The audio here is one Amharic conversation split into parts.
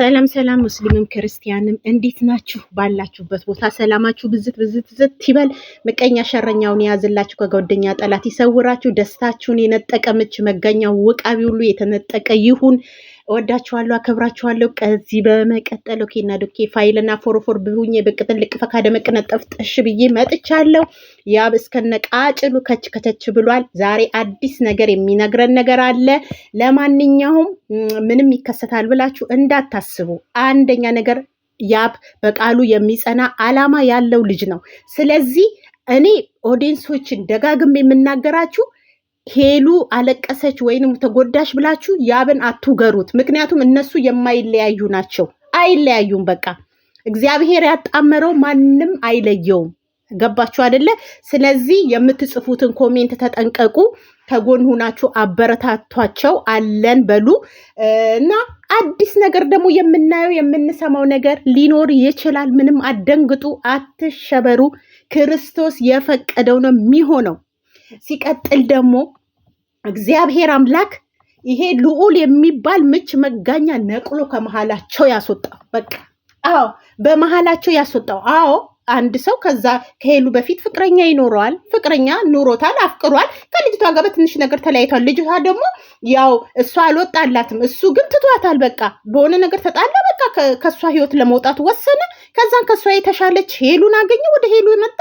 ሰላም ሰላም፣ ሙስሊምም ክርስቲያንም እንዴት ናችሁ? ባላችሁበት ቦታ ሰላማችሁ ብዝት ብዝት ዝት ይበል። ምቀኛ ሸረኛውን የያዝላችሁ፣ ከጓደኛ ጠላት ይሰውራችሁ። ደስታችሁን የነጠቀ ምች መጋኛው ወቃቢ ሁሉ የተነጠቀ ይሁን። ወዳችኋለሁ፣ አከብራችኋለሁ። ከዚህ በመቀጠል ኦኬና ዶኬ ፋይልና ፎርፎር ብሁኝ ብቅጥን ልቅፈ ካደመቅነጠፍ ጠሽ ብዬ መጥቻለሁ። ያብ እስከነ ቃጭሉ ከች ከተች ብሏል። ዛሬ አዲስ ነገር የሚነግረን ነገር አለ። ለማንኛውም ምንም ይከሰታል ብላችሁ እንዳታስቡ። አንደኛ ነገር ያብ በቃሉ የሚጸና አላማ ያለው ልጅ ነው። ስለዚህ እኔ ኦዲንሶችን ደጋግም የምናገራችሁ ሄሉ አለቀሰች ወይንም ተጎዳሽ ብላችሁ ያብን አትውገሩት። ምክንያቱም እነሱ የማይለያዩ ናቸው። አይለያዩም። በቃ እግዚአብሔር ያጣመረው ማንም አይለየውም። ገባችሁ አደለ ስለዚህ የምትጽፉትን ኮሜንት ተጠንቀቁ። ከጎን ሁናችሁ አበረታቷቸው፣ አለን በሉ እና አዲስ ነገር ደግሞ የምናየው የምንሰማው ነገር ሊኖር ይችላል። ምንም አደንግጡ አትሸበሩ። ክርስቶስ የፈቀደው ነው የሚሆነው። ሲቀጥል ደግሞ እግዚአብሔር አምላክ ይሄ ልዑል የሚባል ምች መጋኛ ነቅሎ ከመሃላቸው ያስወጣው። በቃ አዎ፣ በመሃላቸው ያስወጣው። አዎ አንድ ሰው ከዛ ከሄሉ በፊት ፍቅረኛ ይኖረዋል። ፍቅረኛ ኑሮታል፣ አፍቅሯል። ከልጅቷ ጋር በትንሽ ነገር ተለያይቷል። ልጅቷ ደግሞ ያው እሷ አልወጣላትም፣ እሱ ግን ትቷታል። በቃ በሆነ ነገር ተጣላ። በቃ ከእሷ ህይወት ለመውጣት ወሰነ። ከዛን ከእሷ የተሻለች ሄሉን አገኘ። ወደ ሄሉ መጣ።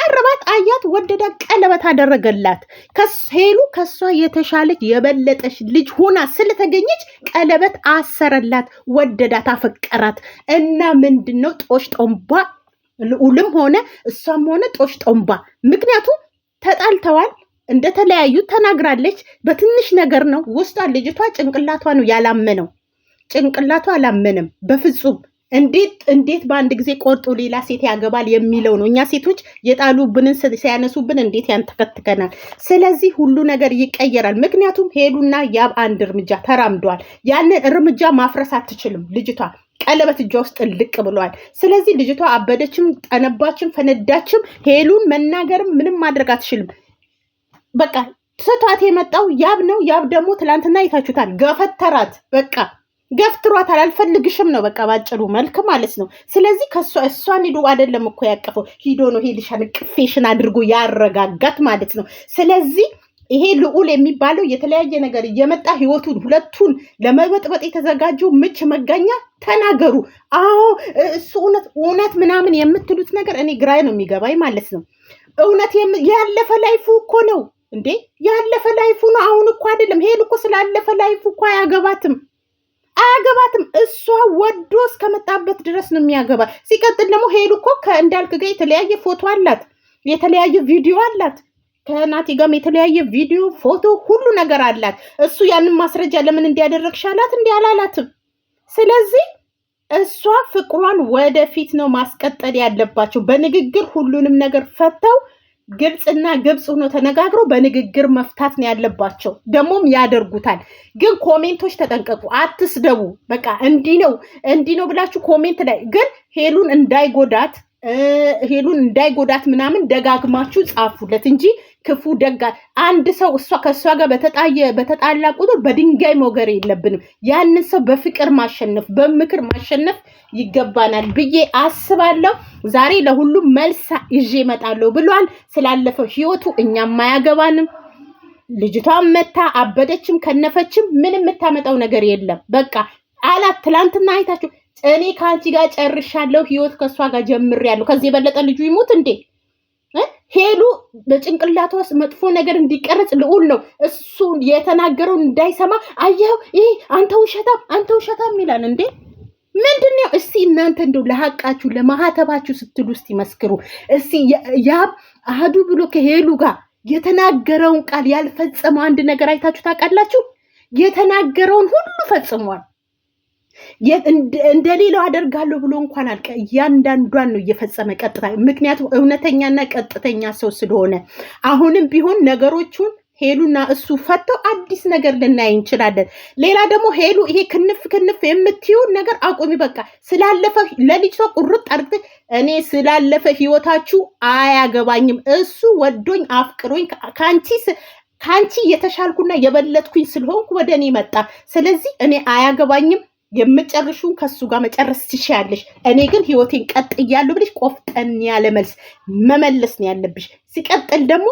ቀረባት፣ አያት፣ ወደዳ፣ ቀለበት አደረገላት። ሄሉ ከሷ የተሻለች የበለጠች ልጅ ሆና ስለተገኘች ቀለበት አሰረላት፣ ወደዳት፣ አፈቀራት። እና ምንድን ነው ጦሽ ጦምባ ልዑልም ሆነ እሷም ሆነ ጦሽ ጦምባ። ምክንያቱም ተጣልተዋል እንደተለያዩ ተናግራለች። በትንሽ ነገር ነው ውስጧ ልጅቷ ጭንቅላቷ ነው ያላመነው። ጭንቅላቷ አላመነም በፍጹም እንዴት እንዴት በአንድ ጊዜ ቆርጦ ሌላ ሴት ያገባል የሚለው ነው። እኛ ሴቶች የጣሉብንን ሲያነሱብን እንዴት ያንተከትከናል። ስለዚህ ሁሉ ነገር ይቀየራል። ምክንያቱም ሄሉና ያብ አንድ እርምጃ ተራምደዋል። ያንን እርምጃ ማፍረስ አትችልም ልጅቷ ቀለበት እጇ ውስጥ ልቅ ብሏል። ስለዚህ ልጅቷ አበደችም፣ ጠነባችም፣ ፈነዳችም ሄሉን መናገርም ምንም ማድረግ አትችልም። በቃ ስቷት የመጣው ያብ ነው። ያብ ደግሞ ትላንትና ይታችሁታል፣ ገፈተራት በቃ ገፍትሯታል። አልፈልግሽም ነው በቃ ባጭሩ መልክ ማለት ነው። ስለዚህ ከእሷ እሷን ሂዶ አይደለም እኮ ያቀፈው ሂዶ ነው ሄልሻን ቅፌሽን አድርጎ ያረጋጋት ማለት ነው። ስለዚህ ይሄ ልዑል የሚባለው የተለያየ ነገር እየመጣ ህይወቱን ሁለቱን ለመበጥበጥ የተዘጋጀው ምች መገኛ ተናገሩ። አዎ እሱ እውነት እውነት ምናምን የምትሉት ነገር እኔ ግራይ ነው የሚገባኝ ማለት ነው። እውነት ያለፈ ላይፉ እኮ ነው እንዴ! ያለፈ ላይፉ ነው። አሁን እኮ አይደለም ሄል እኮ ስላለፈ ላይፉ እኮ አያገባትም። አያገባትም። እሷ ወዶ እስከመጣበት ድረስ ነው የሚያገባ። ሲቀጥል ደግሞ ሄዱ እኮ ከእንዳልክ ጋር የተለያየ ፎቶ አላት፣ የተለያየ ቪዲዮ አላት። ከናቲ ጋርም የተለያየ ቪዲዮ፣ ፎቶ፣ ሁሉ ነገር አላት። እሱ ያንን ማስረጃ ለምን እንዲያደረግሽ አላት? እንዲህ አላላትም። ስለዚህ እሷ ፍቅሯን ወደፊት ነው ማስቀጠል ያለባቸው። በንግግር ሁሉንም ነገር ፈተው ግብፅና ግብፅ ሆኖ ተነጋግረው በንግግር መፍታት ነው ያለባቸው። ደግሞም ያደርጉታል። ግን ኮሜንቶች ተጠንቀቁ፣ አትስደቡ። በቃ እንዲህ ነው እንዲህ ነው ብላችሁ ኮሜንት ላይ ግን ሄሉን እንዳይጎዳት ሄሉን እንዳይጎዳት ምናምን ደጋግማችሁ ጻፉለት እንጂ ክፉ ደጋ አንድ ሰው እሷ ከእሷ ጋር በተጣየ በተጣላ ቁጥር በድንጋይ መውገር የለብንም። ያንን ሰው በፍቅር ማሸነፍ በምክር ማሸነፍ ይገባናል ብዬ አስባለሁ። ዛሬ ለሁሉም መልስ ይዤ እመጣለሁ ብሏል። ስላለፈው ህይወቱ እኛም አያገባንም። ልጅቷን መታ አበደችም ከነፈችም ምንም የምታመጣው ነገር የለም። በቃ አላት። ትላንትና አይታችሁ እኔ ከአንቺ ጋር ጨርሻለሁ፣ ህይወት ከእሷ ጋር ጀምሬያለሁ። ከዚህ የበለጠ ልጁ ይሞት እንዴ? ሄሉ በጭንቅላቷ ውስጥ መጥፎ ነገር እንዲቀረጽ ልዑል ነው እሱ የተናገረውን እንዳይሰማ። አየው ይህ አንተ ውሸታም፣ አንተ ውሸታም ይላል እንዴ! ምንድን ነው እስቲ እናንተ እንደው ለሀቃችሁ ለማህተባችሁ ስትሉ ውስጥ ይመስክሩ እስቲ። ያብ አህዱ ብሎ ከሄሉ ጋር የተናገረውን ቃል ያልፈጸመው አንድ ነገር አይታችሁ ታውቃላችሁ? የተናገረውን ሁሉ ፈጽሟል። እንደ ሌላው አደርጋለሁ ብሎ እንኳን አልቀ እያንዳንዷን ነው እየፈጸመ ቀጥታ። ምክንያቱም እውነተኛና ቀጥተኛ ሰው ስለሆነ አሁንም ቢሆን ነገሮቹን ሄሉና እሱ ፈተው አዲስ ነገር ልናይ እንችላለን። ሌላ ደግሞ ሄሉ ይሄ ክንፍ ክንፍ የምትይውን ነገር አቁሚ። በቃ ስላለፈ ለልጅ ሰው ቁርጥ አድርግ። እኔ ስላለፈ ህይወታችሁ አያገባኝም። እሱ ወዶኝ አፍቅሮኝ ከአንቺ ከአንቺ የተሻልኩና የበለጥኩኝ ስለሆንኩ ወደ እኔ መጣ። ስለዚህ እኔ አያገባኝም የምጨርሹን ከሱ ጋር መጨረስ ትችያለሽ። እኔ ግን ህይወቴን ቀጥያለሁ ብለሽ ቆፍጠን ያለ መልስ መመለስ ነው ያለብሽ። ሲቀጥል ደግሞ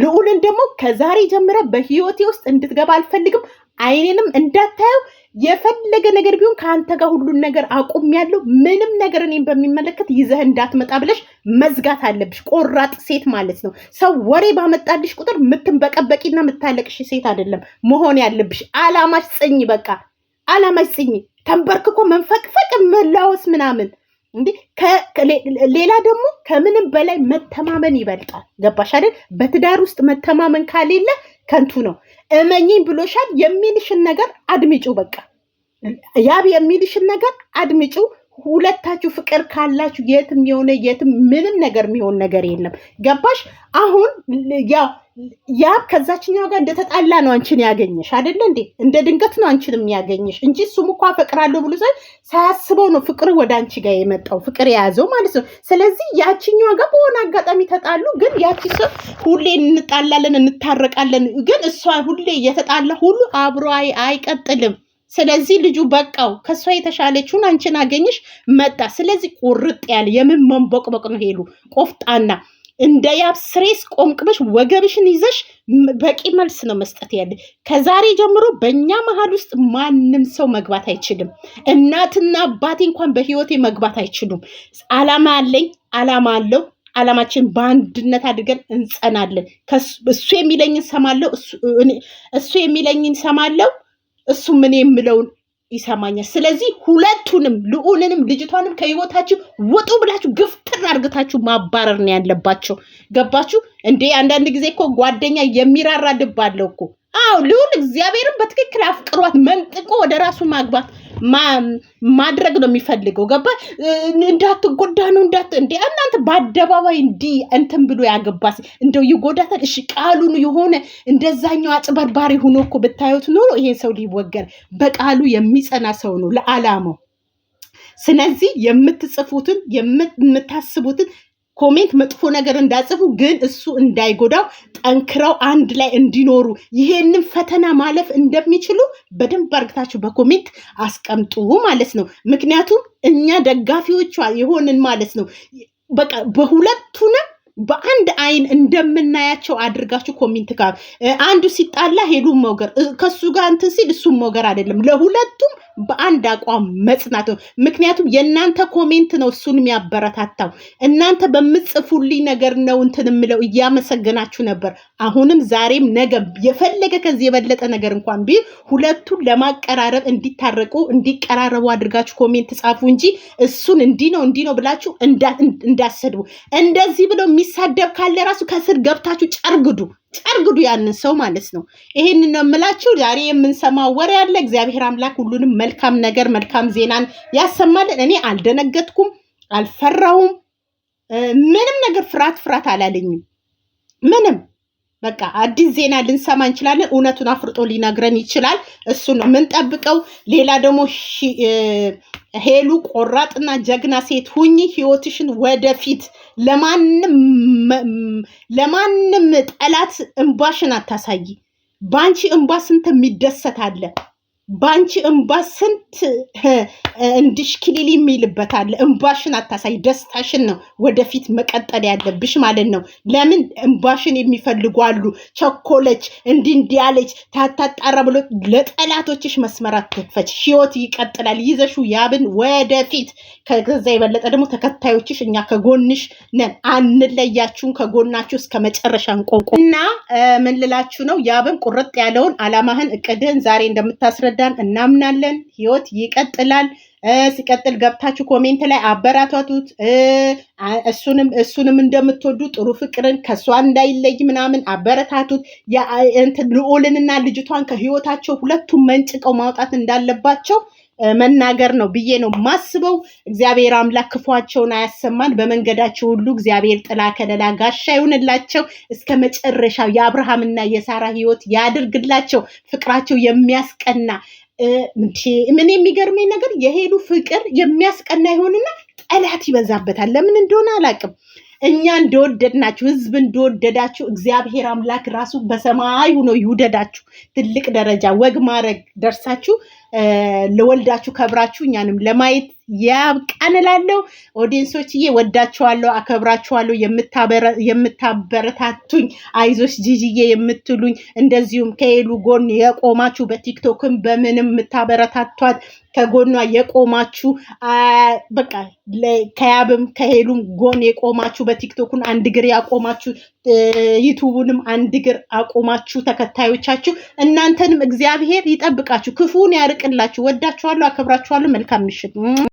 ልዑልን ደግሞ ከዛሬ ጀምረ በህይወቴ ውስጥ እንድትገባ አልፈልግም፣ አይኔንም እንዳታየው፣ የፈለገ ነገር ቢሆን ከአንተ ጋር ሁሉን ነገር አቁም ያለው ምንም ነገር እኔም በሚመለከት ይዘህ እንዳትመጣ ብለሽ መዝጋት አለብሽ። ቆራጥ ሴት ማለት ነው። ሰው ወሬ ባመጣልሽ ቁጥር የምትንበቀበቂና ምታለቅሽ ሴት አይደለም መሆን ያለብሽ። አላማሽ ጽኝ፣ በቃ አላማሽ ጽኝ። ተንበርክኮ መንፈቅፈቅ መላወስ ምናምን እንዲህ ሌላ ደግሞ ከምንም በላይ መተማመን ይበልጣል። ገባሽ አይደል? በትዳር ውስጥ መተማመን ካሌለ ከንቱ ነው። እመኝኝ ብሎሻል የሚልሽን ነገር አድምጪው። በቃ ያብ የሚልሽን ነገር አድምጪው። ሁለታችሁ ፍቅር ካላችሁ የትም የሆነ የትም ምንም ነገር የሚሆን ነገር የለም። ገባሽ? አሁን ያው ያ ከዛችኛው ጋር እንደተጣላ ነው አንቺን ያገኘሽ አይደለ እንዴ? እንደ ድንገት ነው አንችን የሚያገኘሽ እንጂ እሱም እኮ አፈቅራለሁ ብሎ ሳያስበው ነው ፍቅር ወደ አንቺ ጋር የመጣው ፍቅር የያዘው ማለት ነው። ስለዚህ ያቺኛዋ ጋር በሆነ አጋጣሚ ተጣሉ። ግን ያቺ ሰው ሁሌ እንጣላለን እንታረቃለን፣ ግን እሷ ሁሌ እየተጣላ ሁሉ አብሮ አይቀጥልም ስለዚህ ልጁ በቃው ከእሷ የተሻለችውን አንቺን አገኝሽ መጣ። ስለዚህ ቁርጥ ያለ የምን መንቦቅቦቅ ነው ሄሉ ቆፍጣና እንደ ያብ ስሬስ ቆምቅበሽ ወገብሽን ይዘሽ በቂ መልስ ነው መስጠት ያለ። ከዛሬ ጀምሮ በእኛ መሀል ውስጥ ማንም ሰው መግባት አይችልም። እናትና አባቴ እንኳን በህይወቴ መግባት አይችሉም። አላማ አለኝ፣ አላማ አለው። አላማችን በአንድነት አድርገን እንጸናለን። እሱ የሚለኝን ሰማለው፣ እሱ የሚለኝን ሰማለው እሱም እኔ የምለውን ይሰማኛል። ስለዚህ ሁለቱንም ልዑልንም ልጅቷንም ከህይወታችሁ ውጡ ብላችሁ ግፍትር አድርግታችሁ ማባረር ነው ያለባቸው። ገባችሁ እንዴ? አንዳንድ ጊዜ እኮ ጓደኛ የሚራራ ልብ አለው እኮ አዎ ልሁን እግዚአብሔርን በትክክል አፍቅሯት መንጥቆ ወደ ራሱ ማግባት ማድረግ ነው የሚፈልገው። ገባ እንዳትጎዳ ነው እንዳት እንዲ እናንተ በአደባባይ እንዲ እንትን ብሎ ያገባስ እንደው ይጎዳታል። እሺ ቃሉን የሆነ እንደዛኛው አጭበርባሪ ሆኖ እኮ ብታዩት ኖሮ ይሄን ሰው ሊወገር በቃሉ የሚጸና ሰው ነው ለዓላማው። ስለዚህ የምትጽፉትን የምታስቡትን ኮሜንት መጥፎ ነገር እንዳጽፉ፣ ግን እሱ እንዳይጎዳው ጠንክረው አንድ ላይ እንዲኖሩ ይሄንን ፈተና ማለፍ እንደሚችሉ በደንብ አርግታችሁ በኮሜንት አስቀምጡ ማለት ነው። ምክንያቱም እኛ ደጋፊዎቿ የሆንን ማለት ነው። በቃ በሁለቱንም በአንድ አይን እንደምናያቸው አድርጋችሁ ኮሜንት አንዱ ሲጣላ ሄዱ መውገር ከሱ ጋር እንትን ሲል እሱም መውገር አይደለም ለሁለቱም በአንድ አቋም መጽናት ነው። ምክንያቱም የእናንተ ኮሜንት ነው እሱን የሚያበረታታው። እናንተ በምጽፉልኝ ነገር ነው እንትን የምለው። እያመሰገናችሁ ነበር አሁንም ዛሬም ነገ የፈለገ ከዚህ የበለጠ ነገር እንኳን ቢል ሁለቱን ለማቀራረብ እንዲታረቁ እንዲቀራረቡ አድርጋችሁ ኮሜንት ጻፉ እንጂ እሱን እንዲህ ነው እንዲህ ነው ብላችሁ እንዳሰድቡ። እንደዚህ ብሎ የሚሳደብ ካለ ራሱ ከስር ገብታችሁ ጨርግዱ ጨርግዱ ያንን ሰው ማለት ነው። ይሄን ነው የምላችሁ። ዛሬ የምንሰማው ወሬ ያለ እግዚአብሔር አምላክ ሁሉንም መልካም ነገር መልካም ዜናን ያሰማልን። እኔ አልደነገጥኩም፣ አልፈራሁም። ምንም ነገር ፍርሃት ፍርሃት አላለኝም ምንም በቃ አዲስ ዜና ልንሰማ እንችላለን። እውነቱን አፍርጦ ሊነግረን ይችላል። እሱ ነው የምንጠብቀው። ሌላ ደግሞ ሄሉ ቆራጥና ጀግና ሴት ሁኚ። ህይወትሽን ወደፊት ለማንም ጠላት እንባሽን አታሳይ። በአንቺ እንባ ስንት የሚደሰት አለ። በአንቺ እንባ ስንት እንድሽክሊል ክሊል የሚልበት አለ። እንባሽን አታሳይ፣ ደስታሽን ነው ወደፊት መቀጠል ያለብሽ ማለት ነው። ለምን እንባሽን የሚፈልጉ አሉ። ቸኮለች፣ እንዲህ እንዲህ አለች፣ ታታጣራ ብሎ ለጠላቶችሽ መስመር አትክፈች። ህይወት ይቀጥላል። ይዘሹ ያብን ወደፊት። ከዛ የበለጠ ደግሞ ተከታዮችሽ እኛ ከጎንሽ ነን፣ አንለያችሁም። ከጎናችሁ እስከ መጨረሻ እንቆቁ እና ምንልላችሁ ነው ያብን ቁርጥ ያለውን አላማህን እቅድህን ዛሬ እንደምታስረዳ እንደሚረዳን እናምናለን። ህይወት ይቀጥላል። ሲቀጥል ገብታችሁ ኮሜንት ላይ አበራታቱት። እሱንም እሱንም እንደምትወዱ ጥሩ ፍቅርን ከእሷ እንዳይለይ ምናምን አበረታቱት። ልዑልንና ልጅቷን ከህይወታቸው ሁለቱም መንጭቀው ማውጣት እንዳለባቸው መናገር ነው ብዬ ነው ማስበው። እግዚአብሔር አምላክ ክፏቸውን አያሰማን። በመንገዳቸው ሁሉ እግዚአብሔር ጥላ ከለላ ጋሻ ይሁንላቸው። እስከ መጨረሻው የአብርሃምና የሳራ ህይወት ያድርግላቸው። ፍቅራቸው የሚያስቀና ምን የሚገርመኝ ነገር የሄሉ ፍቅር የሚያስቀና ይሆንና ጠላት ይበዛበታል። ለምን እንደሆነ አላውቅም። እኛ እንደወደድናችሁ ህዝብ እንደወደዳችሁ እግዚአብሔር አምላክ ራሱ በሰማይ ሆኖ ይውደዳችሁ። ትልቅ ደረጃ ወግ ማድረግ ደርሳችሁ ለወልዳችሁ ከብራችሁ እኛንም ለማየት ያብቃን እላለሁ። ኦዲየንሶችዬ ወዳችኋለሁ፣ አከብራችኋለሁ። የምታበረታቱኝ አይዞች ጂጂዬ የምትሉኝ እንደዚሁም ከሄሉ ጎን የቆማችሁ በቲክቶክም በምንም የምታበረታቷት ከጎኗ የቆማችሁ በቃ ከያብም ከሄሉም ጎን የቆማችሁ በቲክቶኩን አንድ እግር ያቆማችሁ ዩቱቡንም አንድ እግር አቆማችሁ ተከታዮቻችሁ እናንተንም እግዚአብሔር ይጠብቃችሁ፣ ክፉን ያርቅላችሁ። ወዳችኋለሁ፣ አከብራችኋለሁ። መልካም ምሽት።